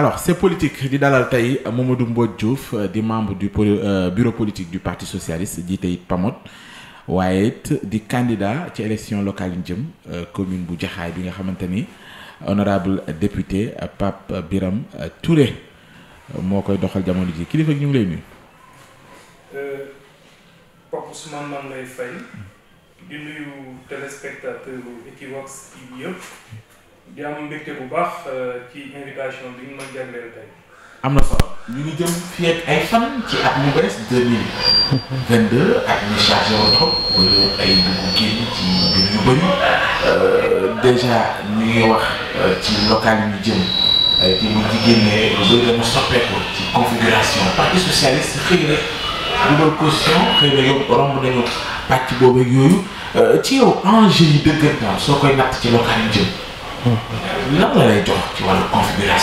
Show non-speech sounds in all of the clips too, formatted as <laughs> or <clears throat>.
alors c'est politique di dalal tey Mamadou Mbodj Diouf euh, di membre du euh, bureau politique du parti socialiste jiite it PAMOD waaye di candidat ci élection locale yi jëm euh, commune bu Jaxaay bi nga xamante ni honorable député Pape Biram Touré moo koy doxal jamono ji kilifa ñu ngi lay di am mbégte bu baax euh, ci invitation bi ñu ma jagleel tey. am na solo ñu ngi jëm fii ak ay fan ci at mu bees deux mille ak ñu chargé woon trop ay dugg génn ci mbir yu bëri euh, dèjà ñu ngi wax euh, ci local yi ñu jëm te mu jigéen ne lu bëri soppeeku ci configuration parti socialiste xëy na dugal caution xëy na yow romb nañu pàcc boobu yooyu ci yow enjeu yi dëggantaan soo koy natt ci local yi jëm. lan la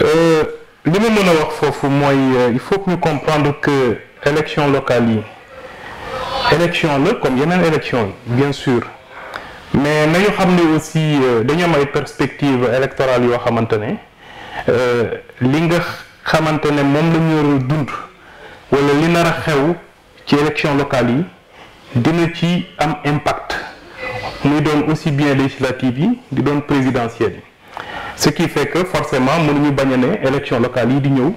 euh, li ma mën a wax foofu mooy euh, il faut que ñu comprendre que élection locale yi élection la comme yeneen élection yi bien sûr mais nañu xam ne aussi euh, dañu am ay perspectives yoo xamante ne li nga xamante ne moom la ñu war a li nar a xew ci élection locale yi dina ci am impact. muy doon aussi bien législative yi di doon présidentielle yi ce qui fait que forcément mënuñu bañ a ne élection locale yi di ñëw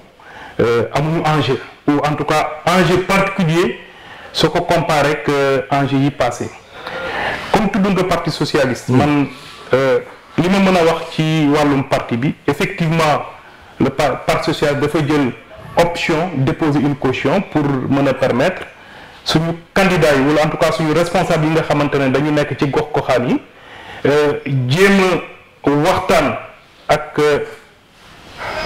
euh, amuñu enjeu ou en tout cas enjeu particulier soo ko comparé ak euh, enjeu yi passé comme tudd nga parti socialiste man euh, li ma mën a wax ci wàllum parti bi effectivement le parti socialiste dafa jël option déposer une caution pour mën a permettre suñu candidats yi wala en tout cas suñu responsable yi nga xamante ne dañu nekk ci gox goxaan yi euh, jéem waxtaan ak euh,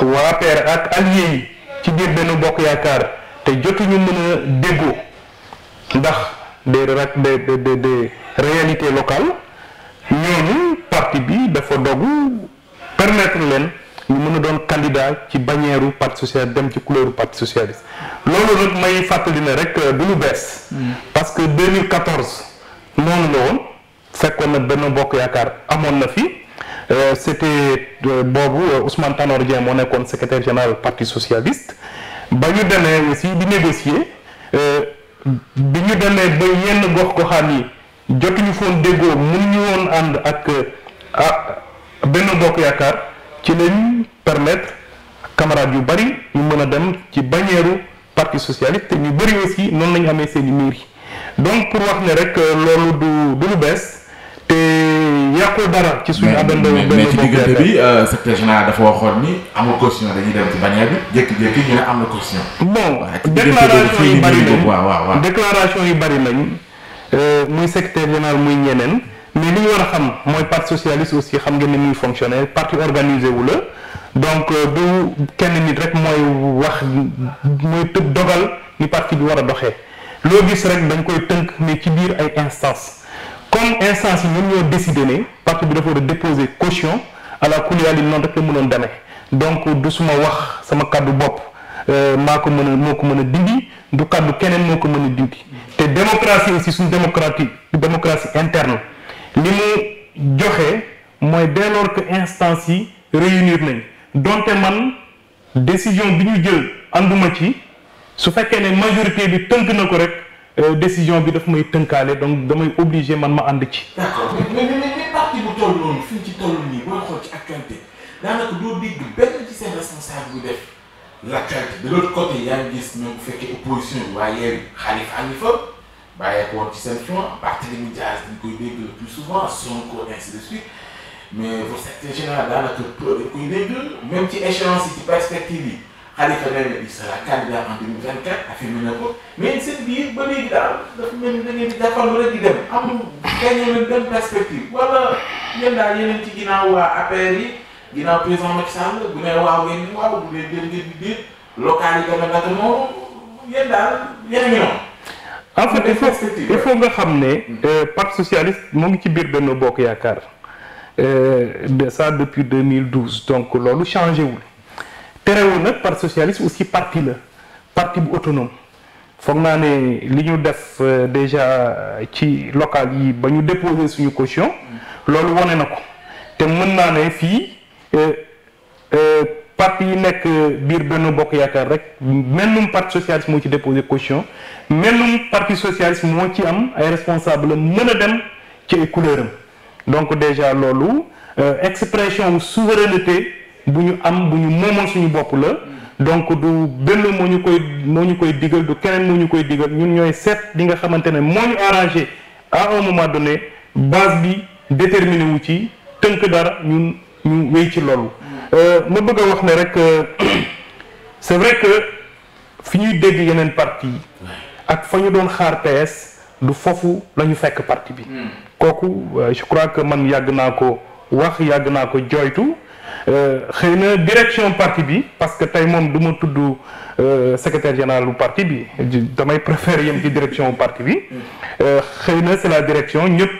waa APR ak alliés yi ci biir benn Bokk Yaakaar te jotuñu mën a déggoo ndax des des réalité réalités locales ñooñu parti bi dafa dogu permettre leen. ñu mën a doon candidat ci bannière parti socialiste dem ci couleur parti socialiste loolu nag may fàttali na rek euh, du lu bees. Mm. parce que 2014 noonu la woon fekkoon na benn mbokk yaakaar amoon na fi. Euh, c'était euh, boobu euh, Ousmane Tanor Dieng moo nekkoon secrétaire général parti socialiste ba ñu demee aussi di négocier euh, bi ñu demee ba yenn gox goxaan yi jotuñu foon déggoo mënuñu woon ànd ak euh, ah benn bokk yaakaar ci lañ permettre camarades yu bëri ñu mën a dem ci bannière parti socialiste te ñu bëri aussi noonu lañu amee seen i miir donc pour wax ne rek euh, loolu du du lu bees te yàqul dara. ci suñu àndandoo benn mais ci diggante bi euh, secrétaire général dafa waxoon ni amul caution dañuy dem ci bannière bi jékki-jékki ñu ne am na caution. bon déclaration yu bëri nañ déclaration yu bëri euh, muy secrétaire général muy ñeneen. mais li ñu war a xam mooy parti socialiste aussi xam ngeen ni muy fonctionner parti organisé wu la donc du euh, kenn nit rek mooy wax mooy tëb dogal ni partie bi war a doxee loo gis rek dañ koy tënk mais ci biir ay instance comme instance yi ñoom ñoo décidé ne parti bi dafa war a déposer caution à la kuliyaal yi noonu rek la mënoon demee donc du suma wax sama kàddu bopp euh, maa ko mën a moo ko mën a dindi du kàddu keneen moo ko mën a dindi te démocratie aussi suñu démocratie démocratie interne li mu joxe mooy dès lors que instance yi réunir nañ donte man décision bi ñu jël ànduma ci su fekkee ne majorité bi tënk na ko rek euh, décision bi dafa may tënkaale donc damay obligé man ma ànd ci. d'accord mais mais mais parti bu toll noonu fi ci toll nii booy xool ci actualité daanaka doo dégg benn ci seen responsable bu def l'actualité de l'autre côté yaa gis même fekkee opposition bi waaye Khalifa a bàyyeekoon ci seen flanc Barthélémy Dias dañ koy dégg le plus souvent Sonko ainsi de suite mais pour secrétaire général daanaka peu dañ koy dégg même ci échéance yi ci perspective yi Khalifa nee na il sera candidat en 2024 affirmé na ko mais seen biir ba léegi daal dafa mel ni da ngeen di jàppandu rek di dem amul gañe leen benn perspective wala yéen daal yeneen ci ginnaaw waa APR yi ginnaaw président Macky Sall bu ne waaw ngeen ni waaw bu ne déet ngeen di déet local yi gën a naka noonu yéen daal yéen a ngi noonu en fait il faut nga xam ne euh, parti socialiste moo ngi ci biir Benno Bokk Yaakaar euh, de ça depuis 2012 donc loolu changé wul terewul nag parti socialiste aussi parti la partie bu autonome foog naa ne li ñu def euh, déjà ci local yi ba ñu déposer suñu caution loolu wane na ko te mën naa ne fii parti yi nekk biir benn bokk yaakaar rek mennum parti socialiste moo ci déposé caution mennum parti socialiste moo ci am ay responsable mën a dem ci ay couleur donc déjà loolu euh, expression wu souveraineté bu ñu am bu ñu moomoon suñu bopp la donc du benn moo ñu koy moo ñu koy digal du keneen moo ñu koy digal ñun ñooy seet li nga xamante ne moo ñu arrangé à un moment donné base bi déterminé wu ci tënk dara ñun ñu wéy ci loolu Euh, ma bëgg a wax ne rek euh, <clears throat> c'est vrai que fi ñuy dégg yeneen parti ak fa ñu doon xaar PS du foofu la ñu fekk parti bi hmm. kooku euh, je crois que man yàgg naa ko wax yàgg naa ko joytu xëy na direction parti bi parce que tey moom du ma tudd secrétaire général bu parti bi damay préférer yem ci direction parti bi hmm. xëy na c'est la direction ñëpp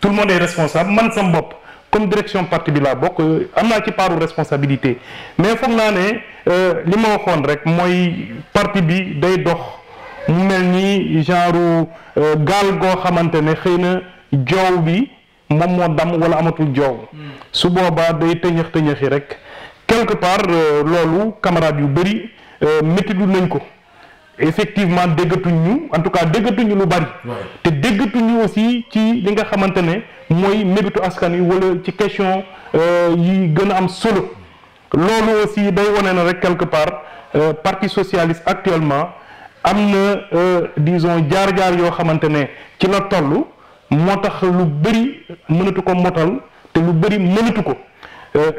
tout le monde est responsable man sam bopp comme direction parti bi laa bokk am naa ci paaru responsabilité mais foog naa ne euh, li ma waxoon rek mooy parti bi day dox mu mel ni genre euh, gaal goo xamante ne xëy na joow bi moom moo dam wala amatul joow su boobaa day tëñëx tëñëxi rek quelque part euh, loolu camarades yu bëri métti du nañ ko effectivement déggatuñu en tout cas déggatuñu lu bari. te déggatuñu aussi ci li nga xamante ne mooy mébétu askan yi wala ci question euh, yi gën a am solo loolu aussi day wane na rek quelque part euh, parti socialiste actuellement am na euh, disons jaar-jaar yoo xamante ne ci la toll moo tax lu bëri mënatu ko motal te lu bëri mënatu ko.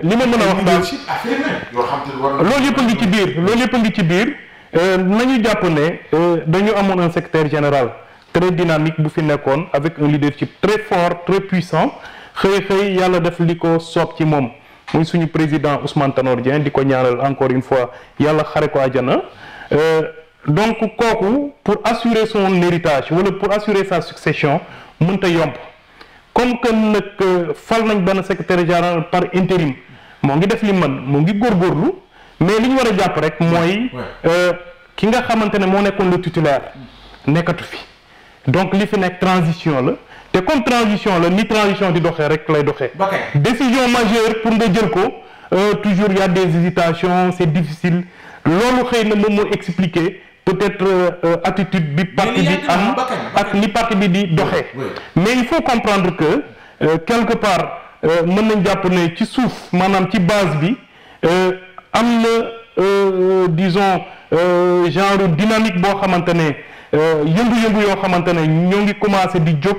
li ma mën a wax loolu yëpp ngi ci biir loolu yëpp ngi ci biir. Euh, nañu jàpp ne euh, dañu amoon un secrétaire général très dynamique bu fi nekkoon avec un leadership très fort très puissant xëy xëy yàlla def li ko soob ci moom muy suñu président Ousmane Tanor Dieng di ko ñaanal encore une fois yàlla xare ko àjjana euh, donc kooku pour assurer son héritage wala pour assurer sa succession mënta yomb comme que nag fal nañ benn secrétaire général par intérim moo ngi def li mën moo ngi góor góorlu mais li ñu war a jàpp rek mooy. Euh, ki nga xamante ne moo nekkoon le titulaire nekkatu fi donc li fi nekk transition la te comme transition la ni transition di doxe rek lay doxee. décision majeure pour nga jël ko euh, toujours il y a des hésitations c'est difficile loolu xëy na moom moo expliquer peut-être euh, attitude bi parti bi am ak ni parti bi di doxe mais il faut comprendre que quelque part mën nañ jàpp ne ci suuf maanaam ci base bi. am na euh, euh, disons euh, genre dynamique boo xamante ne yëngu-yëngu yoo xamante ne ñoo ngi commencé di jóg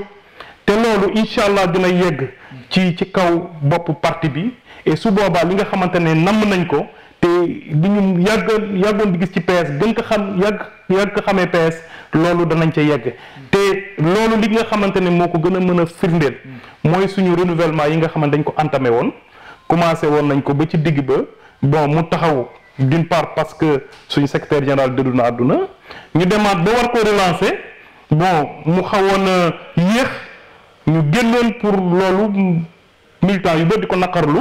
te loolu incha allah dina yegg ci ci kaw bopp parti bi su boobaa li nga xamante ne namm nañ ko te du ñu yàgg yàggoon di gis ci PS gën ko xam yàgg yàgg ko xamee PS loolu danañ ca yegg te loolu li nga xamante ne moo ko gën a mën a firndeel mooy suñu renouvellement yi nga xamante dañ ko entamé woon commencé woon nañ ko ba ci digg ba. bon mu taxaw d'une part parce que suñu secrétaire général dëddu na àdduna ñu demaat ba war ko relancer bon mu xawoon a yéex ñu génnoon pour loolu militant yu bëri di ko naqarlu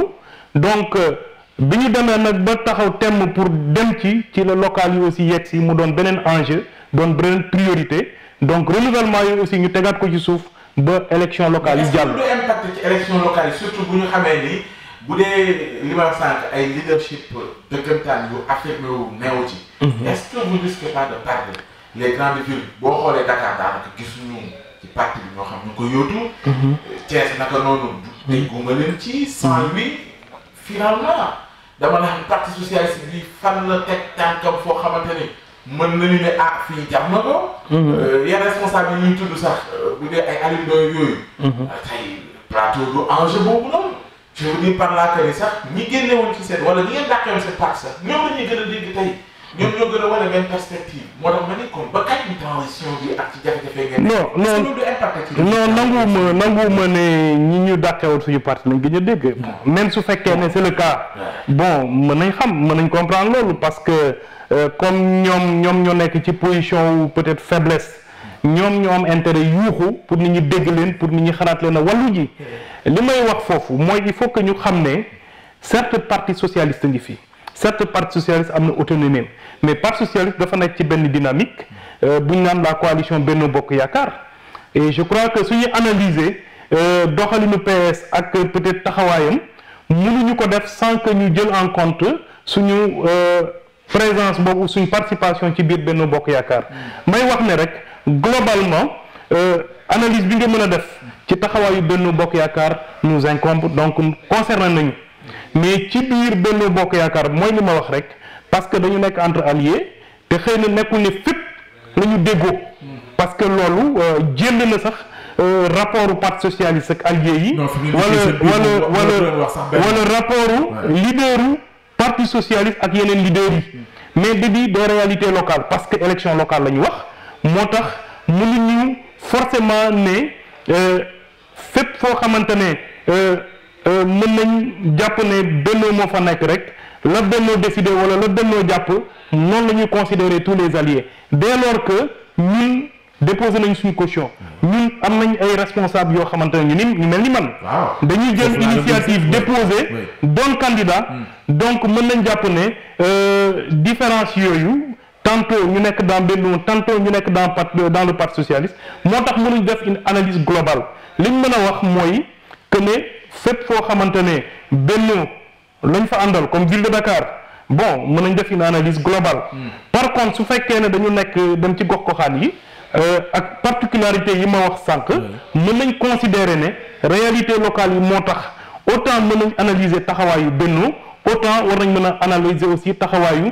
donc euh, bi ñu demee nag ba taxaw temm pour dem ci ci la local yi aussi yegg si mu doon beneen enjeu doon beneen priorité donc renouvellement yi aussi ñu tegaat ko ci suuf ba élection locale yi jàll. bu dee li ma ay leadership dëggantaan yu affirmé wu neewu ci. Mhm. est-ce que vous risquez pas de perdre les grandes villes boo xoolee Dakar daanaka gisuñu ci parti bi ñoo xam ñu ko yóotu. Mhm. Thiès naka noonu. Mhm. tey gunge leen ci. sans lui finalement dama la xam parti socialiste bi fan la teg tànkam foo xamante ni mën nañu ne ah fii jàmm na ko. Euh, yenn responsable yi ñuy tudd sax euh, bu dee ay Alioune Ndoye yooyu. Ah, tey plateau du enjeu boobu noonu. je veux dire par là que ni sax ñi génne woon ci seen wala ñi ngeen dàqee woon seen sax ñoom la ñuy gën a dégg tey ñoom ñoo gën a wane benn perspective moo tax ma ni comme ba kañ transition bi ak ci jafe-jafe ngeen. non non du nanguwuma nanguwuma ne ñu dàqee woon suñu parti lañ gën a dégg. Ah. même su fekkee ne c'est le cas. bon mën nañ xam mën nañ comprendre loolu parce que euh, comme ñoom ñoom ñoo nekk ci position peut-être faiblesse. ñoom ñoo am intérêt yuuxu pour nit ñi dégg leen pour nit ñi xalaat leen a wàllu ji li may wax foofu mooy il faut que ñu xam ne certes parti socialiste ngi fii certes parti socialiste am na autonomie mais parti socialiste dafa nekk ci benn dynamique euh, bu ñu naan la coalition Benno Bokk Yaakaar et je crois que suñuy analyser euh, doxalinu PS ak peut-être taxawaayam mënuñu ko def sans que ñu jël en compte suñu euh, présence boobu suñu participation ci biir Benno Bokk Yaakaar may wax ne rek. globalement euh, analyse bi nga mën a def ci taxawaayu Benno Bokk Yaakaar nous incombe donc concerné nañu mais ci biir Benno Bokk Yaakaar mooy li ma wax rek parce que dañu nekk entre alliés te xëy na nekkul ne fépp la ñu déggoo parce que loolu euh, jënd na sax euh, rapportu parti socialiste ak alliés yi wala wala wala wala rapportu leaderu parti socialiste ak yeneen leaders yi mais da di des réalités parce que élection locale la ñu wax moo tax ñu forcément ne euh, fépp foo xamante ne euh, euh, mën nañ jàpp ne bennoo moo fa nekk rek la bennoo décidé wala la bennoo jàpp noonu la ñuy considérer tous les alliés dès lors que ñun déposé nañ suñu caution ñun am nañu ay responsable yoo xamante ne ñu ni mel ni man dañuy jël initiative déposé doon candidat hmm. donc mën nañ jàpp ne différence yooyu tantôt ñu nekk dans Benno tantôt ñu nekk dans part dans le parti socialiste moo tax mënuñ def une analyse globale liñ mën a wax mooy que ne fépp foo xamante ne Benno lañ fa àndal comme ville de Dakar bon mën nañ def une analyse globale. Hmm. par contre su fekkee ne dañu nekk dem ci gox goxaan yi euh, ak particularité yi ma wax sànq. mën nañ considérer ne réalité locale yi moo tax autant mën nañ analyser taxawaayu Benno autant war nañ mën a analyser aussi taxawaayu.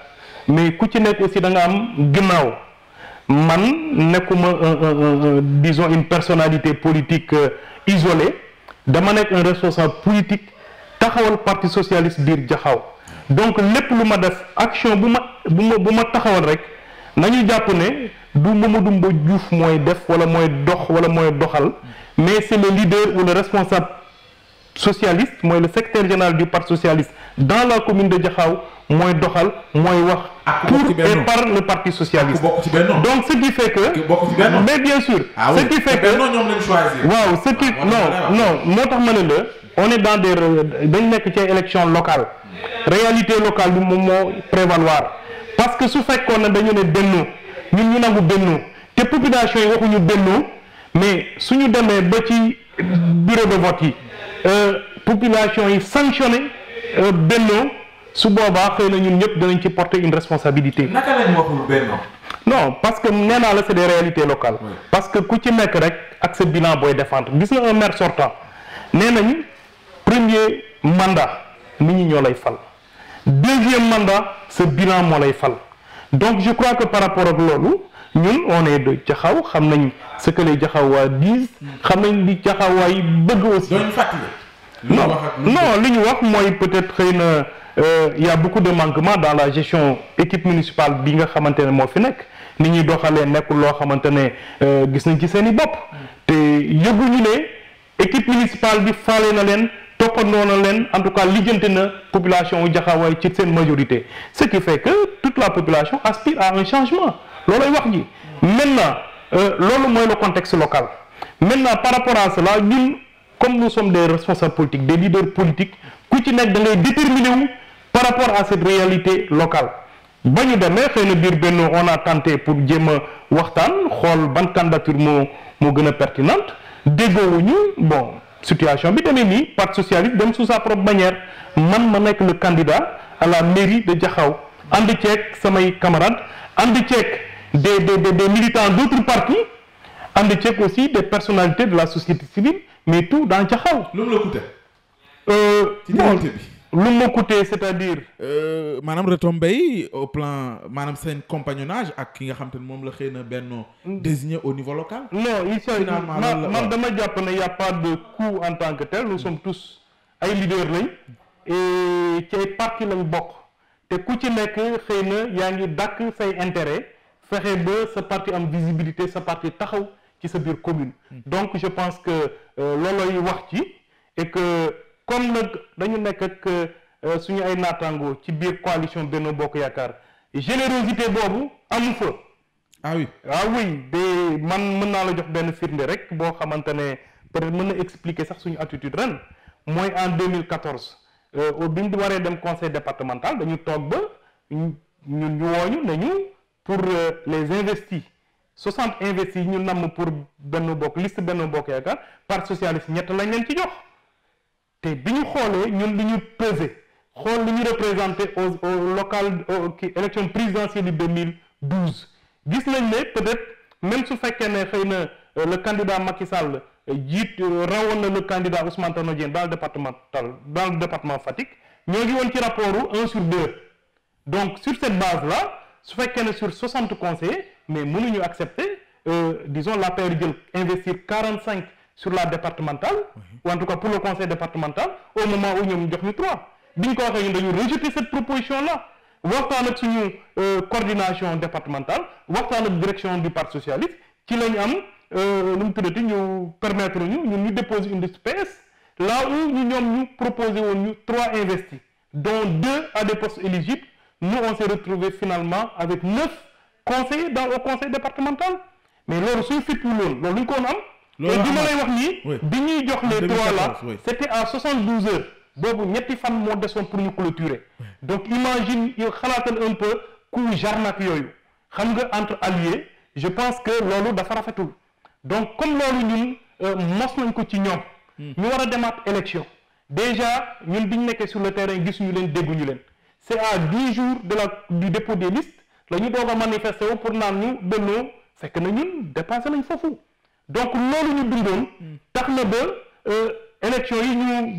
mais ku ci nekk aussi da am ginnaaw man nekkuma euh, euh, euh, disons une personnalité politique isolée dama nekk un responsable politique taxawal parti socialiste biir jaxaw donc lépp lu ma def action bu ma bu ma bu ma taxawal rek nañu jàpp ne du Mamadou dumba Diouf mooy def wala mooy dox wala mooy doxal mais c'est le leader ou le responsable socialiste mooy le secrétaire général du parti socialiste dans la commune de Diakhao mooy doxal mooy wax. Ah, pour et par le parti socialiste. donc ce qui fait que. mais bien sûr. Ah ce qui fait que waaw ce qui ah, non non moo tax ma ne la on est dans des dañ nekk ci élection locale réalité locale bi moom moo prévaloir parce que su fekkoon na dañu ne benn ñun ñu nangu benn te population yi waxuñu benn mais su ñu demee ba ci bureau de vote yi. Euh, population yi sanctionné euh, bennoo su boobaa xëy na ñun ñëpp danañ ci porter une responsabilité. naka lañ parce que nee naa la c'est des réalités locales. parce que ku ci nekk rek ak sa bilan booy défendre gis nga un maire sortant nee nañ premier mandat nit ñi ñoo lay fal deuxième mandat sa bilan moo lay fal donc je crois que par rapport ak loolu. ñun on est de Jaxaw xam nañ ce que les Jaxaw waa disent xam nañ li Jaxaw waay bëgg aussi. non li ñu wax mooy peut-être xëy na euh, y a beaucoup de manquement dans la gestion équipe municipale bi nga xamante ne moo fi nekk ni ñuy doxalee nekkul loo xamante ne euh, gis nañ ci seen i bopp te yëguñu ne équipe municipale bi faale na leen toppandoo na leen en tout cas lijjante na population yu Jaxaw ci seen majorité ce qui fait que. toute la population aspire à un changement loolooy wax ji maintenant euh, loolu mooy le contexte local maintenant par rapport à cela ñun comme nous sommes des responsables politiques des leaders politiques ku ci nekk da ngay déterminer wu par rapport à cette réalité locale ba ñu demee xëy na biir benn on a pour jéem waxtaan xool ban candidature moo moo gën a pertinente déggoowuñu bon situation bi demee nii parti socialiste dem su sa propre manière man ma nekk le la mairie de Diakhao ànd samay camarades ànd ceeg des de des militants d' autres partis ànd ceeg aussi des personnalités de la société civile mais tout dans Jaxaw. lu mu la coûté. Euh, lu mu ma coûté c' est à dire. Euh, maanaam retombé yi au plan maanaam seen compagnonnage ak ki nga xam te ne moom la xëy na benn désigné au niveau local. non il faut man dama jàpp na y' a pas de coût en tant que tel nous sommes tous ay leaders lañ et ci ay parti lañ bokk. te ku ci nekk xëy na yaa ngi dàkk say intérêt fexe ba sa parti am visibilité sa parti taxaw ci sa biir commune hmm. donc je pense que euh, loolooy wax ci et que comme nag dañu nekk ak euh, suñu ay naataango ci biir coalition benn Bokk Yaakaar générosité boobu amu fa ah oui ah de man mën naa la jox benn firnde rek boo xamante ne peut-être mën na expliquer sax suñu attitude ren mooy en 2014 Euh, au bi waree dem conseil départemental dañu toog ba ñun ñu wooñu nañu pour euh, les investis soixante investis ñu namm pour benn bokk liste benn bokk yaakaar parti socialiste ñett lañ leen ci jox te bi ñu xoolee ñun li ñu pesé xool li ñu représenté au au local élection présidentielle yi 2012 gis nañ ne peut-être même su fekkee ne xëy na euh, le candidat Macky Sall jiit rawoon na le candidat Ousmane Tanor Dieng dans le départemental dans le département Fatick ñoo ngi woon ci rapport un sur deux donc sur cette base là su fekkee ne sur soixante conseillers mais ñu accepter euh, disons la paire jël investir quarante cinq sur la départemental ou en tout cas pour le conseil départemental au moment où ñoom jox ñu trois bi ñu ko waxee ñun dañu rejeter cette proposition là waxtaan ak suñu euh, coordination départementale waxtaan ak direction du parti socialiste ci am Euh, nu mu tuddati ñu permettre ñu ñun ñu déposer une liste PS là où ñu ñoom ñu proposé woon ñu trois investis dont deux à des postes éligibles nous on s'est retrouvé finalement avec neuf conseillers dans le conseil départemental mais loolu suñu fitlu loolu loolu ñu ko woon am et bi ma lay wax nii bi ñuy jox les trois là c'était à soixante douze heures boobu ñetti fan moo pour ñu clôturer donc imagine yow xalaatal un peu coup jarnac yooyu xam nga entre alliés je pense que loolu dafa rafetul donc comme loolu ñun euh, mos nañ ko ci ñoom. Hmm. ñu war a demaat élection déjà ñun bi ñu nekkee sur le terrain gisuñu leen dégguñu leen c'est à dix jours de la du dépôt des listes la ñu doog a manifester wu pour naan ñu Benno fekk na ñun dépassé nañ foofu donc loolu ñu dundoon hmm. tax na ba euh, élection yi ñu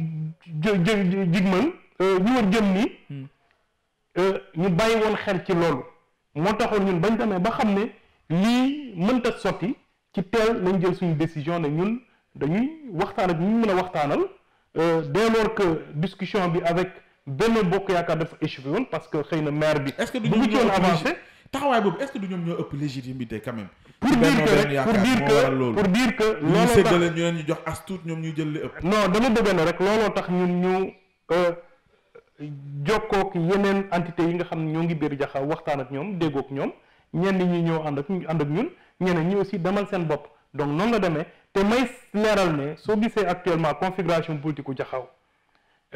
jë jigman euh, ñu war jëm ni hmm. ñu bàyyi woon xel ci loolu moo taxoon ñun bañ demee ba xam ne lii mënta sotti ci teel nañ jël suñu décision ne ñun dañuy waxtaan ak ñu mën a waxtaanal euh, dès lors que discussion bi avec benn bokk yaakaar dafa échoué woon parce que xëy na maire bi. est-ce que du ñu avancé taxawaay boobu est-ce du ñoom ñoo ëpp légitimité quand même. pour dire que pour dire que pour dire looloo tax ñu jox as tuut ñoom ñu jël ëpp. non dama bëgg na rek looloo tax ñun ñu euh, jokkook yeneen entité yi nga xam ne ñoo ngi biir jaxaw waxtaan ak ñoom déggook ñoom ñenn ñi ñoo ànd ak ànd ak ñun ñeneen ñi aussi demal seen bopp donc noonu la demee te may leeral ne soo gisee actuellement configuration politique u Jaxaaw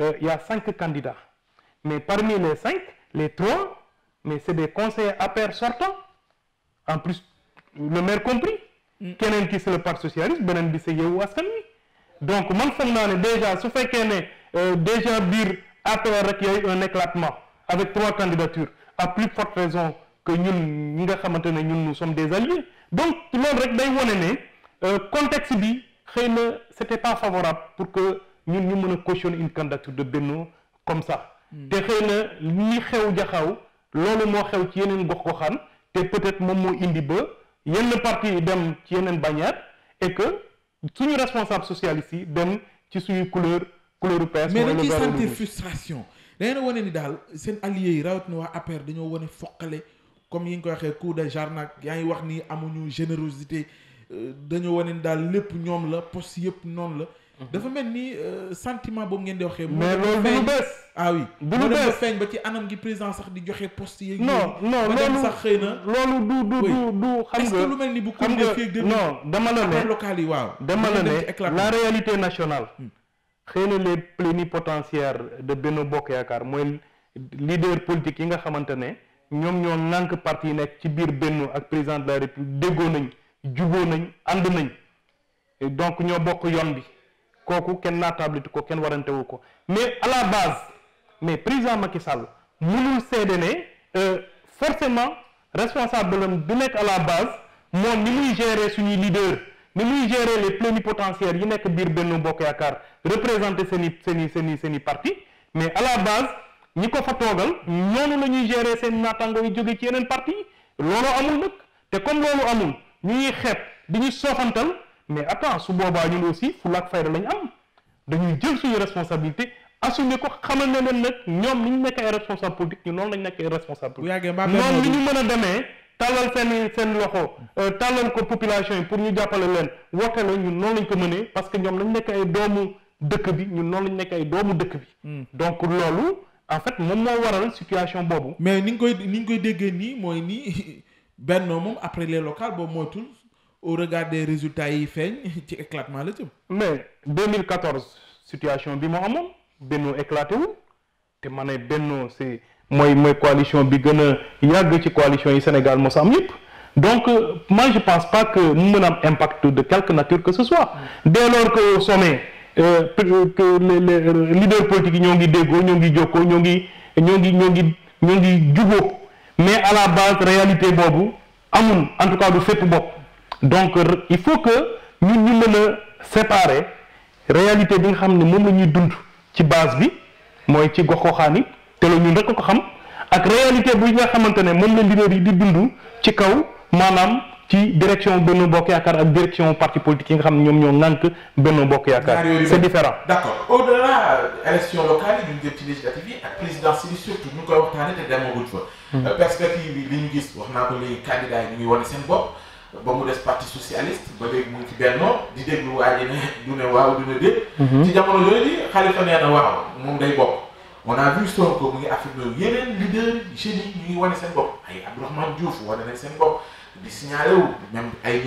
euh, y a cinq candidats mais parmi les cinq les trois mais c'est des conseil APR sortants en plus le maire compris mm. keneen ki c'est le parti socialiste beneen bi c'est Yewwi Askan Wi donc man foog naa ne déjà su fekkee ne euh, déjà biir APR rek yooyu un éclatement avec trois candidatures à plus forte raison que ñun ñi nga xamante ne ñun nous sommes des alliés donc loolu rek day wone ne euh, contexte bi xëy na c'était pas favorable pour que ñun ñu mën a cautionner une candidature de Benno comme sax hmm. te xëy na li xew jaxaw loolu moo xew ci yeneen gox goxaan te peut-être moom moo indi ba yenn parti dem ci yeneen bannière et que suñu responsable socialiste yi dem ci suñuy couleur couleur PS mais dañ ciy sentir frustration da ngeen a wane ni daal seen allié yi rawatina waa APR dañoo wane foqale comme yi nga koy waxee coup de jarnac yaa ngi wax ni amuñu générosité euh, dañoo wane daal lépp ñoom la post yëpp noonu la. Mhm. dafa mel ni euh, sentiment boobu ngeen di waxee. mais loolu du lu bees ah oui. lu bees ba ci anam gi président sax di joxe post yeeg. non non loolu xëy na. loolu du du xam nga lu mel ni bu. xam nga non dama la ne local yi waaw. dama la ne la réalité nationale. Hmm. xëy na les plénipotentiaires de benn Bokk Yaakaar mooy leader politique yi nga xamante ne. ñoom ñoo nànk parti yi nekk ci biir Benno ak président de la république déggoo nañ juboo nañ ànd nañ donc ñoo bokk yoon bi kooku kenn naatablitu ko kenn warantewu ko mais à la mais président Macky Sall mënul seede ne euh, forcément responsable am bi nekk à la base moom ni muy gérer suñuy leader ni muy le les plénipotentiaires yi nekk biir Benno Bokk Yaakaar représente seen i seen i parti mais à la base ñi ko fa toogal noonu la ñuy gérer seen naataango yu jóge ci yeneen parti looloo amul nag te comme loolu amul ñuy xeeb di ñu soofantal mais attends su boobaa ñun aussi fulaak fayda la am dañuy jël suñu responsabilité assumer ko xamal ne leen nag ñoom ni ñu nekk ay responsable politique ñu noonu lañ nekk ay responsable noonu li ñu mën a demee tàllal seen seen loxo euh, tàllal ko population yi pour ñu jàppale leen woote la ñun noonu lañ ko mënee parce que ñoom lañ nekk ay doomu dëkk bi ñun noonu lañ nekk ay doomu dëkk bi hmm. donc loolu en fait moom moo waral situation boobu. mais ni nga koy ni nga koy déggee nii mooy nii <laughs> Benno moom après les locales boobu moytul au regard des résultats yi feeñ ci éclatement la jëm. mais 2014 situation bi moo amoon Benno éclaté wul te ma ne Benno mooy mooy coalition bi gën a yàgg ci coalition yi Sénégal moo sa am donc euh, moi je pense pa que mu mën a am impact de quelque nature que ce soit dès lors que au Euh, leader politique yi ñoo ngi déggoo ñoo ngi jokkoo ñoo ngi ñoo ngi ñoo ngi ñoo ngi juboo mais à la base réalité boobu amul en tout cas du fépp bopp donc il faut que ñun ñu mën a séparer réalité bi nga xam ne moom la ñuy dund ci base bi mooy ci gox goxaan yi te loolu ñun rek ko xam ak réalité bi nga xamante ne moom la leader yi di dund ci kaw maanaam. ci direction Benno Bokk Yaakaar ak direction parti politique yi nga xam ne ñoom ñoo ŋànk Benno Bokk Yaakaar. c'est différent. d'accord au-delà élection locale yi ñu jëm ci ñu te demaguñ fa. Hmm. Euh, perspective yi li gis wax naa ko léegi candidat yi ñu ngi wane seen bopp ba mu des parti socialiste ba léegi mu ngi ci di déglu waa ji ne du ne waaw du ne déet. Hmm. ci jamono yooyu Khalifa na waaw moom day bokk. on a vu Sonko mu ngi affirmé yeneen leader jeunes yi seen bopp di signalé wu même ay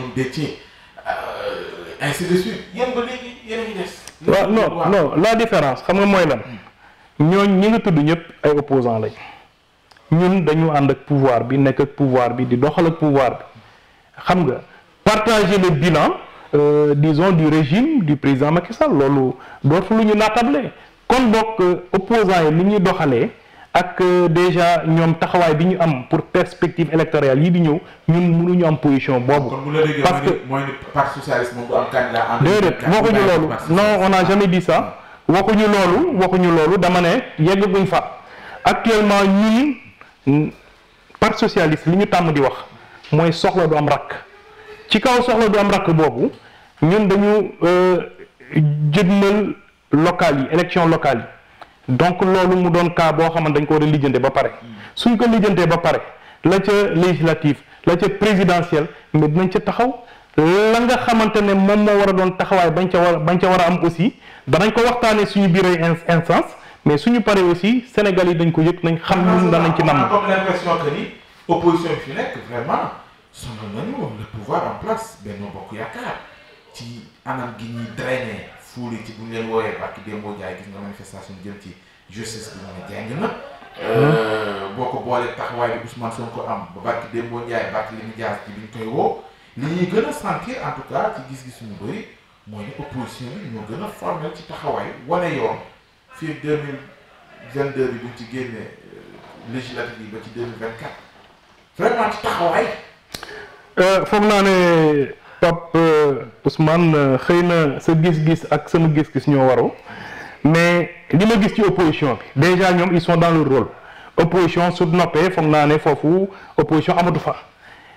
euh, la différence xam nga mooy lan ñooñ ñi nga tudd ñëpp ay opposants lañ ñun dañu ànd ak pouvoir bi nekk ak pouvoir bi di doxal ak pouvoir bi xam nga partager le bilan euh, disons du régime du président Macky Sall loolu dootu lu ñu naatable kon bokk euh, opposants yi li ñuy doxalee. ak euh, déjà ñoom taxawaay bi ñu am pour perspective électorale yi di ñëw ñun mënuñu am position boobu. parce que mooy ni parti socialiste moom du am candidat en déedéet waxuñu loolu non on n'a jamais dit ça waxuñu loolu waxuñu loolu dama ne yeggaguñ fa actuellement ñun parti socialiste li ñu tàmm di wax mooy soxla du am rakk ci kaw soxla du am rakk boobu ñun dañu euh, jëmmal local yi élection locale yi. donc loolu mu doon kaa boo xam ne dañ ko war a lijjante ba pare suñ ko lijjantee ba pare la ca législative la ca présidentielle mais dinañ ca taxaw la nga xamante ne moom moo war a doon taxawaay bañ ca war bañ ca war a am aussi danañ ko waxtaanee suñu biir ay instance mais suñu paree aussi Sénégal yi dañ ko yëg nañ xam ñun danañ ci nam comme l'impression que nañu pouvoir en place Benno Bokk Yaakaar ci anam gi ñuy drainer fuul yi ci bu ñu leen wooyee barki démboo jaay gis nga manifestation jëm ci justice bi mu ne jàng hmm. boo ko boolee taxawaay bi Ousmane ko am ba barki démboo jaay barki li mu jaar ci bi ñu koy woo li ñuy gën a sentir en tout cas ci gis-gis ñu bëri mooy ne opposition bi ñoo gën a formel ci taxawaay wane yoon fii deux mille vingt deux bi buñ ci génnee euh, législative yi ba ci deux mille vingt quatre vraiment ci taxawaay euh, foog naa ne Pape euh, Ousmane euh, xëy na sa gis-gis ak sama gis-gis suñoo waru mais li ma gis ci opposition bi déjà ñoom ils sont dans leur rôle opposition su noppee foog naa ne foofu opposition amatu fa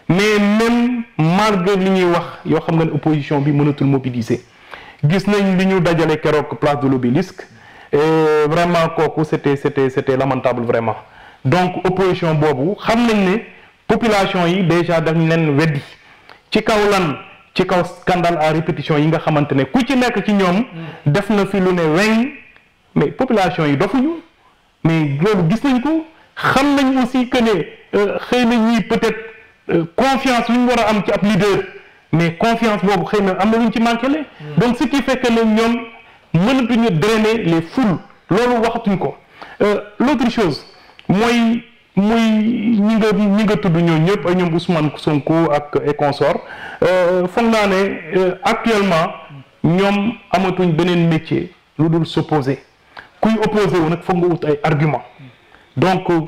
mais même malgré li ñuy wax yoo xam nga ne opposition bi mënatul mobiliser gis nañ li ñu dajale keroog place de l'Obélisque et vraiment kooku c'était c'était c'était lamentable vraiment donc opposition boobu xam nañ ne population yi déjà dañ leen weddi ci kaw lan ci kaw scandale en répétition yi nga xamante ne ku ci nekk ci ñoom def na fi lu ne weñ mais population yi dofuñu mais loolu gis nañ ko xam nañ aussi que ne euh, xëy na ñii peut-être euh, confiance lu ñu war a am ci ab leader mais confiance boobu xëy na am na luñ ci manqué le mm. donc ce qui fait que ne ñoom mënatuñu drainer les foules loolu waxatuñ ko euh, l'autre chose mooy muy ñi nga ñi nga tudd ñoo ñëpp ay ñoom Ousmane Sonko ak et consort euh, foog naa ne euh, actuellement ñoom amatuñ beneen métier lu dul s'opposer kuy opposé wu nag foog nga wut ay argument donc euh,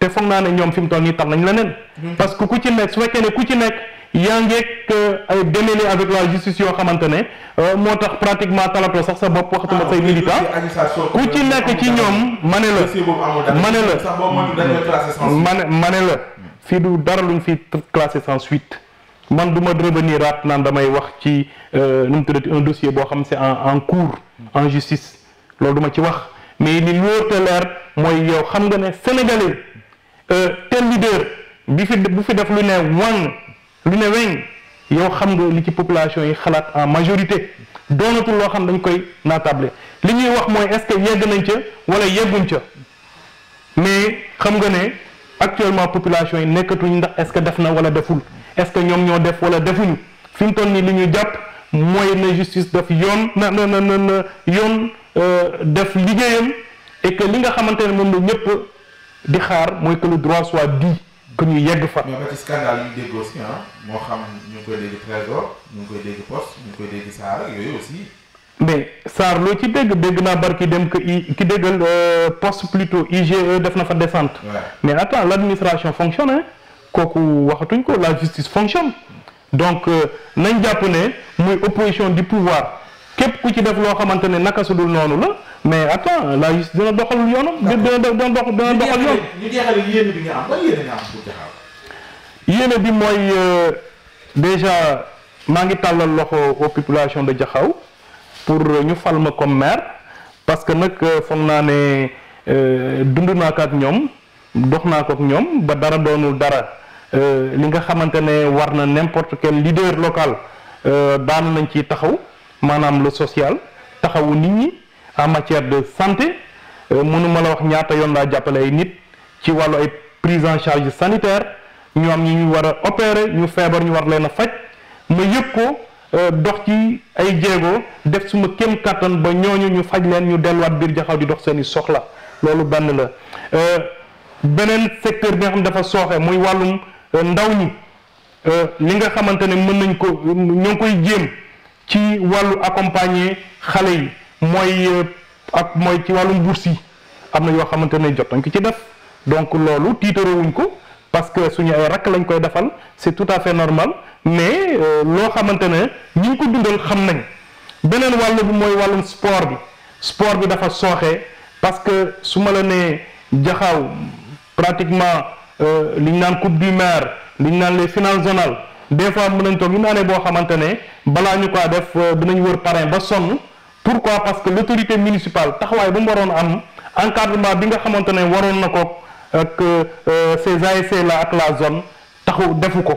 te foog naa ne ñoom fi mu toll nii tal nañ leneen parce que ku ci nekk su fekkee ne ku ci nekk yaa ngeeg euh, ay démêlés avec la justice yoo xamante ne euh, moo tax pratiquement talatoo sax sa bopp wax waxatuma ah, say militant ku ci nekk ci ñoom ma ne la ma ne la ma ne ma ne la fii du dara luñ fi classé sans suite man du ma revenir raat naan damay wax ci euh, nu mu tuddati un dossier boo xam c'est en en cours en justice loolu duma ci wax mais li wóor te leer mooy yow xam nga ne sénégalais tel leader bi fi bu fi def lu ne wan lu ne weñ yow xam nga li ci population yi xalaat en majorité doonatul loo xam dañ koy naatable li ñuy wax mooy est que yegg nañ ca wala yegguñ ca mais xam nga ne actuellement population yi nekkatuñ ndax est-ce que def na wala deful est-ce que ñoom ñoo def wala defuñu fi mu toll nii li ñu jàpp mooy na justice daf yoon na na na na yoon euh, def liggéeyam et li nga xamante ne moom la ñëpp di xaar mooy que le droit soit dit que ñu yegg fa. mais ba ci scandale yu moo xam ñu koy dégg trésor ñu koy dégg poste ñu koy dégg saar yooyu aussi. mais saar loo ci dégg dégg naa bari ki dem que i ki déggal euh, poste plutôt IGE def na fa descente. mais attends l' administration fonctionne hein kooku waxatuñ ko la justice fonctionne. donc euh, nañ jàpp ne muy opposition du pouvoir képp ku ci def loo xamante ne naka su dul noonu la mais attends la justice dina doxal yoonam. dina doxal yoonam. yéene bi mooy euh, déjà maa ngi tàllal loxo aux de jaxaw pour ñu fal ma comme maire parce que nag euh, foog naa ne euh, dund naa ko ak ñoom dox naa ko ak ñoom ba dara doonul dara li nga xamante ne war na n'importe quel leader local daan nañ ci taxaw maanaam le social taxawu nit ñi à matière de santé mënuma la wax ñaata yoon laa jàppale ay nit ci wàllu ay prise en charge sanitaire ñu am ñu war a opérer ñu feebar ñu war leen a faj ma yëg ko euh, dox ci ay jéego def suma kem kattan ba ñooñu ñu faj leen ñu delluwaat biir jaxaw di dox seen i soxla loolu benn la euh, beneen secteur bi nga xam dafa sooxe muy wàllum euh, ndaw ñi li nga xamante ne mën nañ ko ñoo ngi koy jéem ci wàllu accompagner xale yi mooy ak mooy ci wàllum bourse yi am na yoo xamante ne jot nañ ko ci def donc loolu tiitarawuñ ko parce que suñu ay rakk lañ koy defal c'est tout à fait normal mais euh, loo xamante ne ñi ko dundal xam nañ beneen wàll bi mooy wàllum sport bi sport bi dafa sooxe parce que su ma la nee jaxaaw pratiquement euh, li ñu naan coupe du maire li ñu naan les finales zonales des fois mën nañ toog une ne boo xamante ne balaa ñu ko def euh, dinañ wër parrain ba sonn pourquoi parce que l'autorité municipale taxawaay ba mu waroon am encadrement bi nga xamante ne waroon na ko ak euh, ces ASC là ak la zone taxu defu ko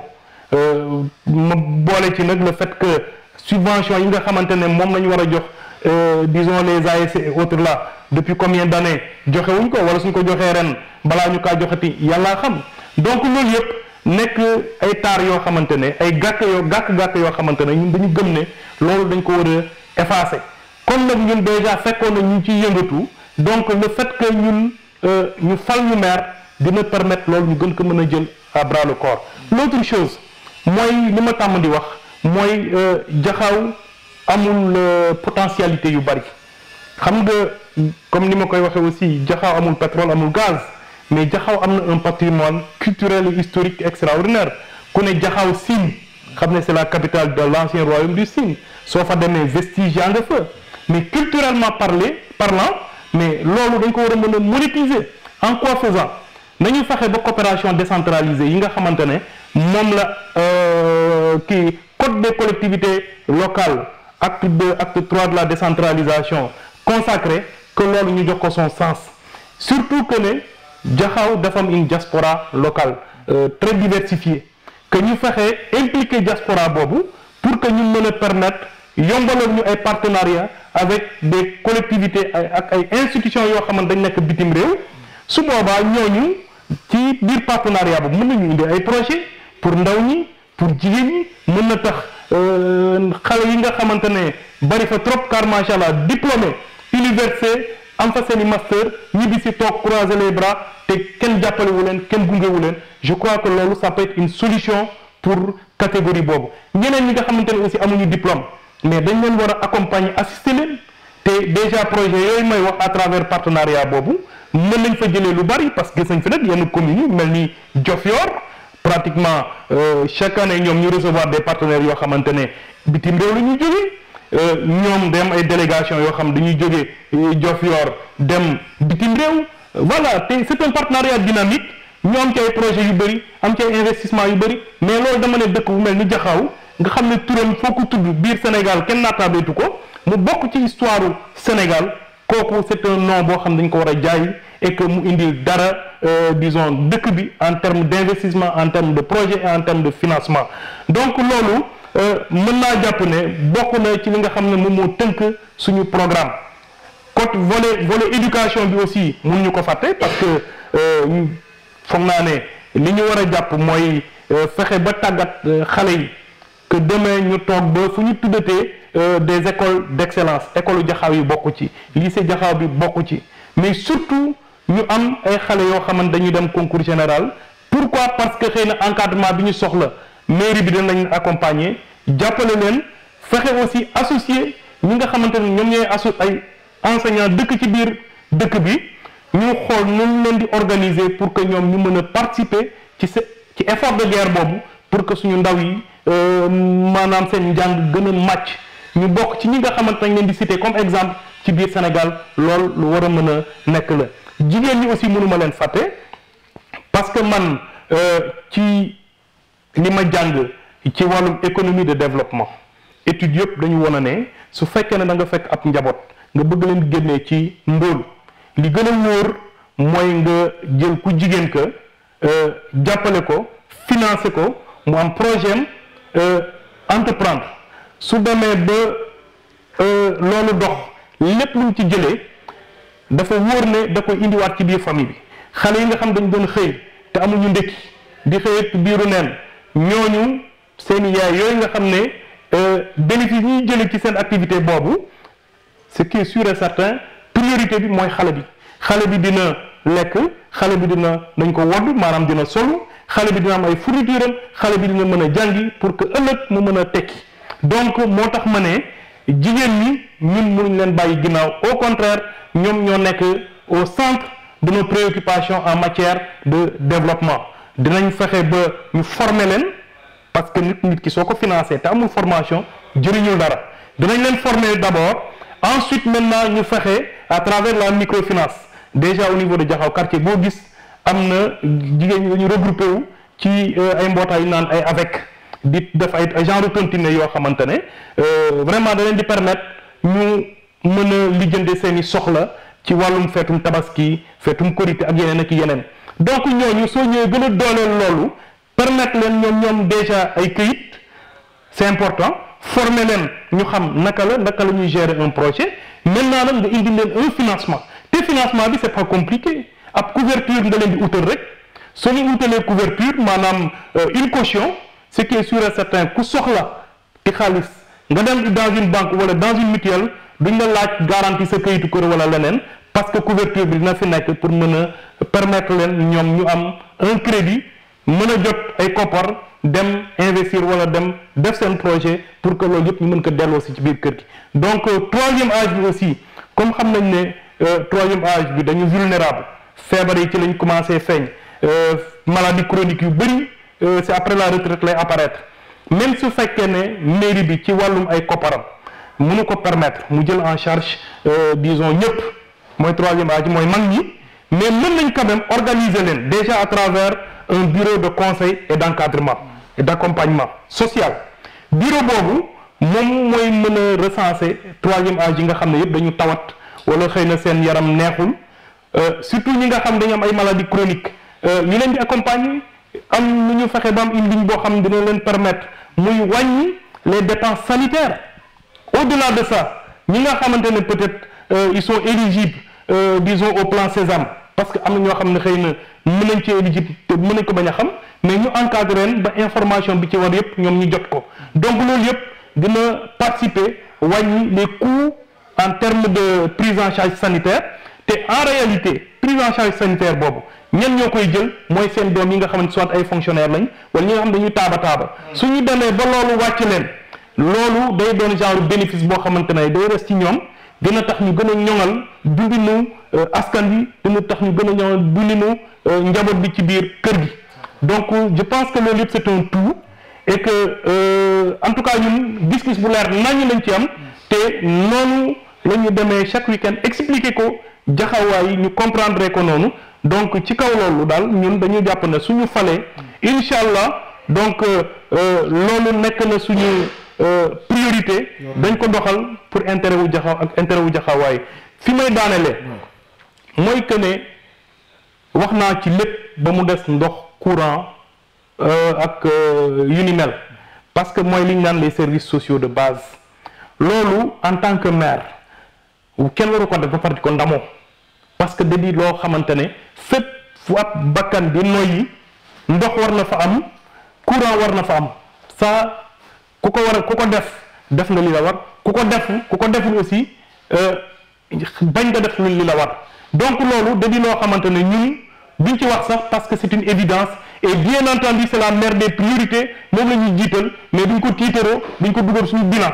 euh, ma boole ci nag le fait que subvention yi nga xamante ne moom la ñu war a jox euh, disons les a et autres la depuis combien d' années joxe wuñ ko wala suñ ko joxee ren balaa ñu kaa joxati yàllaa xam donc loolu yëpp nekk ay taar yoo xamante ne ay gàkk yoo gàkk-gàkk yoo xamante ne ñun dañu gëm ne loolu dañ ko war a effacer kon nag ñun déjà fekkoon na ci ciy yëngatu donc le fait que ñun Euh, ñu fal ñu maire dina permettre loolu ñu gën ko mën a jël à bras le corps l'autre chose mooy li ma tàmm di wax mooy euh, jaxaw amul euh, potentialité yu bari xam nga comme ni ma koy waxee aussi jaxaw amul pétrole amul gaz mais jaxaw am na un patrimoine culturel et historique extraordinaire ku ne jaxaw Sine xam ne c'est la capitale de l'ancien royaume du Sine soo fa demee vestige yaa nga fa mais culturellement parlé parlant mais loolu dañ ko war a mën a monétiser en quoi faisant nañu fexe ba coopération décentralisée yi nga xamante ne moom la euh, kii code des collectivités locales acte 2 acte 3 de la décentralisation consacré que loolu ñu jox ko son sens surtout que ne jaxaaw dafa am une diaspora locale euh, très diversifiée que ñu fexe impliquer diaspora boobu pour que ñu mën a permettre yombalal ñu ay partenariat avec de collectivité ak ay institutions yoo xamante dañ nekk bitim réew su boobaa ñooñu ci biir partenariat boobu mën nañu indi ay projet pour ndaw ñi pour jigéen ñi mën na tax euh, xale yi nga xamante ne bari fa trop car macha allah diplômé université am fa seen i master ñibbi si toog croiser les bras te kenn jàppalewu leen kenn gungewu leen je crois que loolu ça peut être une solution pour catégorie boobu ñeneen ñi nga xamante ne aussi amuñu diplôme. mais dañ leen war a accompagner assister leen te déjà projet yooyu may wax à travers partenariat boobu mën nañ fa jëlee lu bari parce que gis nañ fi nag yenn communes yi mel ni Diofior pratiquement euh, chaque années ñoom ñu recevoir des partenaires yoo xamante ne bitim réew lu ñuy jógee euh, ñoom dem ay délégation yoo xam dañuy jógee euh, Diofior dem bitim réew voilà te c'est un partenariat dynamique ñu am ci ay projets yu bëri am ci ay investissement yu bëri mais loolu dama ne dëkk bu mel ni Jaxaaw nga xam ne turam foo ko tudd biir Sénégal kenn naataabeetu ko mu bokk ci histoire Sénégal kooku c'est un boo xam ne dañ ko war a jaay et que mu indil dara euh, disons dëkk bi en terme d'investissement en terme de projet et en terme de financement donc loolu euh, mën naa jàpp ne bokk na ci li nga xam ne moom moo tënk suñu programme côté volet volet éducation bi aussi mun ñu ko fàtte parce que euh, foog naa ne li ñu war a jàpp mooy fexe ba tàggat xale yi que demain ñu toog ba fu ñu tuddatee euh, des écoles d'excellence école jaxaw yi bokk ci lycée jaxaaw bi bokk ci mais surtout ñu am ay xale yoo xamante dañuy dem concours général pourquoi parce que xëy na encadrement bi ñu soxla mairie bi danañ accompagner jàppale leen fexe aussi associé ñi nga xamante ne ñoom ñooy asso ay enseignants dëkk ci biir dëkk bi ñu xool ñu leen di organiser pour que ñoom ñu mën a participer ci ci effort de guerre boobu pour que suñu ndaw yi Euh, maanaam seen njàng gën a màcc ñu bokk ci ñi nga xamante nañ leen di cité comme exemple ci biir Sénégal lool lu war a mën a nekk la jigéen ñi aussi mënuma leen fàtte parce que man euh, ci li ma jàng ci wàllum économie de développement étude yëpp dañu won a ne su fekkee ne da nga fekk ab njaboot nga bëgg leen génnee ci ndóol li gën a wóor mooy nga jël ku jigéen ka euh, jàppale ko financer ko mu am projet Euh, entreprendre su demee ba euh, loolu dox lépp lu mu ci jëlee dafa wóor ne da koy indiwaat ci biir famille bi xale yi nga xam dañ doon xëy te amuñu ndékki di xëyat biiru neen ñooñu seeni yaay yooyu nga xam ne euh, bénéfice ñuy jëlee ci seen activité boobu ce qui est sûr et certain priorité bi mooy xale bi xale bi dina lekk xale bi dina dañ ko wodd maanaam dina solu xale bi dina am ay fourniture am xale bi dina mën a jàngi pour que ëllëg mu mën a tekki donc moo tax ma ne jigéen ñi ñun mënuñ leen bàyyi ginnaaw au contraire ñoom ñoo nekk au centre de nos préoccupations en matière de développement dinañ fexe ba ñu former leen parce que nit nit ki soo ko financé te amul formation jëriñul dara dinañ leen former d'abord ensuite maintenant ñu fexe à travers la microfinance déjà au niveau de Jaxaw quartier boo gis am na jigéen ñu dañu regroupé wu ci euh, ay mbootaay naan ay avec di def ay genre tontine yoo xamante ne euh, vraiment da leen di permettre ñu mën a lijjante seen i soxla ci wàllum feetum tabaski feetum korité ak yeneen ak yeneen donc ñooñu soo ñëwee gën a dooleel loolu permettre leen ñoom ñoom déjà ay këyit c'est important former leen ñu xam naka la naka la ñuy gérer un projet maintenant nag nga indi leen un financement te financement bi c'est pas compliqué ab couverture nga leen di utal rek soo ñu utalee couverture maanaam euh, une caution ce qui est sûr et certain ku soxla te xaalis nga dem dans une banque wala dans une mutuelle duñ la laaj garantie sa kayitu kër walla leneen parce que couverture bi dina fi nekk pour mën a permettre leen ñoom ñu am un crédit mën a jot ay koppar dem investir wala dem def seen projet pour que loolu yëpp ñu mën ko delloo si ci biir kër gi donc euh, troisième âge bi aussi comme xam nañ ne euh, troisième âge bi dañu vulnérable feebar yi ci lañ commencé feeñ euh, maladie chronique yu bëri euh, c'est après la retraite lay apparaître même su fekkee ne mairie bi ci wàllum ay kopparam mënu ko permettre mu jël en charge euh, dison ñëpp mooy troisième âge mooy mag ñi mais mën nañ quand organiser leen déjà à travers un bureau de conseil et d'encadrement et d'accompagnement social bureau boobu moom mooy mën a recenser troisième âge yi nga xam ne yëpp dañu tawat wala xëy na seen yaram neexul Euh, surtout ñi nga xam dañu am ay maladie chronique euh, ñu leen di accompagner am mu ñu fexe ba am une boo xam dina leen permettre muy wàññi les dépenses sanitaires au-delà de ça ñi nga xamante ne peut-être euh, ils sont éligibles disons au plan Sésame parce que am na ñoo xam ne xëy na mën nañ ci éligible te mën ko bañ a xam mais ñu encadré leen ba information bi ci war yëpp ñoom ñu jot ko donc loolu yëpp dina participer wàññi les coûts en termes de prise en charge sanitaire te en réalité prise en charge boobu ñen ñoo koy jël mooy seen doom yi nga xamante ne soit ay fonctionnaire lañ wala ñi nga xam dañuy taaba taaba hmm. suñu demee ba loolu wàcc leen loolu day doon genre bénéfice boo xamante ne day res ci ñoom dina tax ñu gën a ñoŋal dundinu euh, askan bi dina tax ñu gën a ñoŋal nu euh, njaboot bi ci biir kër gi donc je pense que loolu yëpp c'est un tout et que euh, en tout cas ñun gis-gis bu leer nañu lañ ci am hmm. te noonu la ñu demee chaque week-end ko jaxawaay ñu comprendre ko noonu donc ci kaw loolu daal ñun dañu jàpp ne suñu falee incha allah donc euh, loolu nekk na suñu euh, priorité dañ ko doxal pour intérêt wu jaxaw ak intérêt wu jaxawaay fi may daaneele mooy que ne wax naa ci lépp ba mu des ndox courant euh, ak yu ni mel parce que mooy li ñu naan les service sociaux de base loolu en tant que maire kenn waru ko def ba pare di ko ndamoo parce que da di loo xamante ne fépp fu ab bakkan di yi ndox war na fa am courant war na fa am saa ku ko war a ku ko def def nga li la war ku ko def ku ko deful aussi euh, bañ nga def li la war donc loolu da di loo xamante ne ñun duñ ci wax sax parce que c'est une évidence et bien entendu c'est la mère des priorités moom la ñuy jiital mais duñ ko tiitaroo duñ ko dugal suñu bilan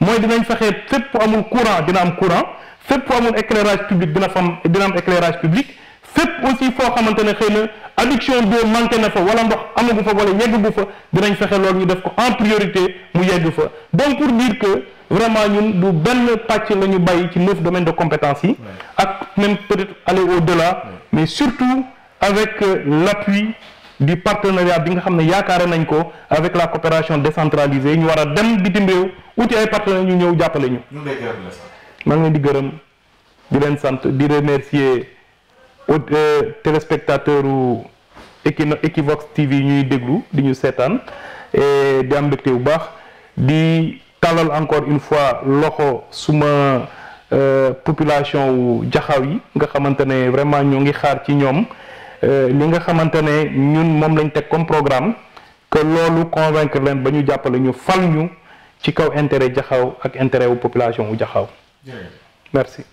mooy dinañ fexe fépp fu amul courant dina am courant fépp fu amoon éclairage public dina fam dina am éclairage public fépp aussi foo xamante ne xëy na adduction d'eau manqué na fa wala ndox amagu fa wala yeggagu fa dinañ fexe loolu ñu def ko en priorité mu yegg fa donc pour dire que vraiment ñun du benn pàcc la ñu bàyyi ci neuf domaines de compétence yi ak même peut-être aller au-delà mais surtout avec euh, l'appui du partenariat bi nga xam ne yaakaare nañ ko avec la coopération décentralisée ñu war a dem bitim réew uti ay partenaires ñu ñëw jàppale ñu maa ngi di gërëm di leen sant di remercier euh, téléspectateur u Equivox TV ñuy déglu di ñu seetaan et di am mbégte bu baax di tàllal encore une fois loxo suma euh, population wu jaxaw yi nga xamante ne vraiment ñoo ngi xaar ci ñoom euh, li nga xamante ne ñun moom lañ teg comme programme que loolu convaincre leen ba ñu jàppale ñu fal ñu ci kaw intérêt jaxaw ak intérêt wu population wu jaxaw jërëjëf merci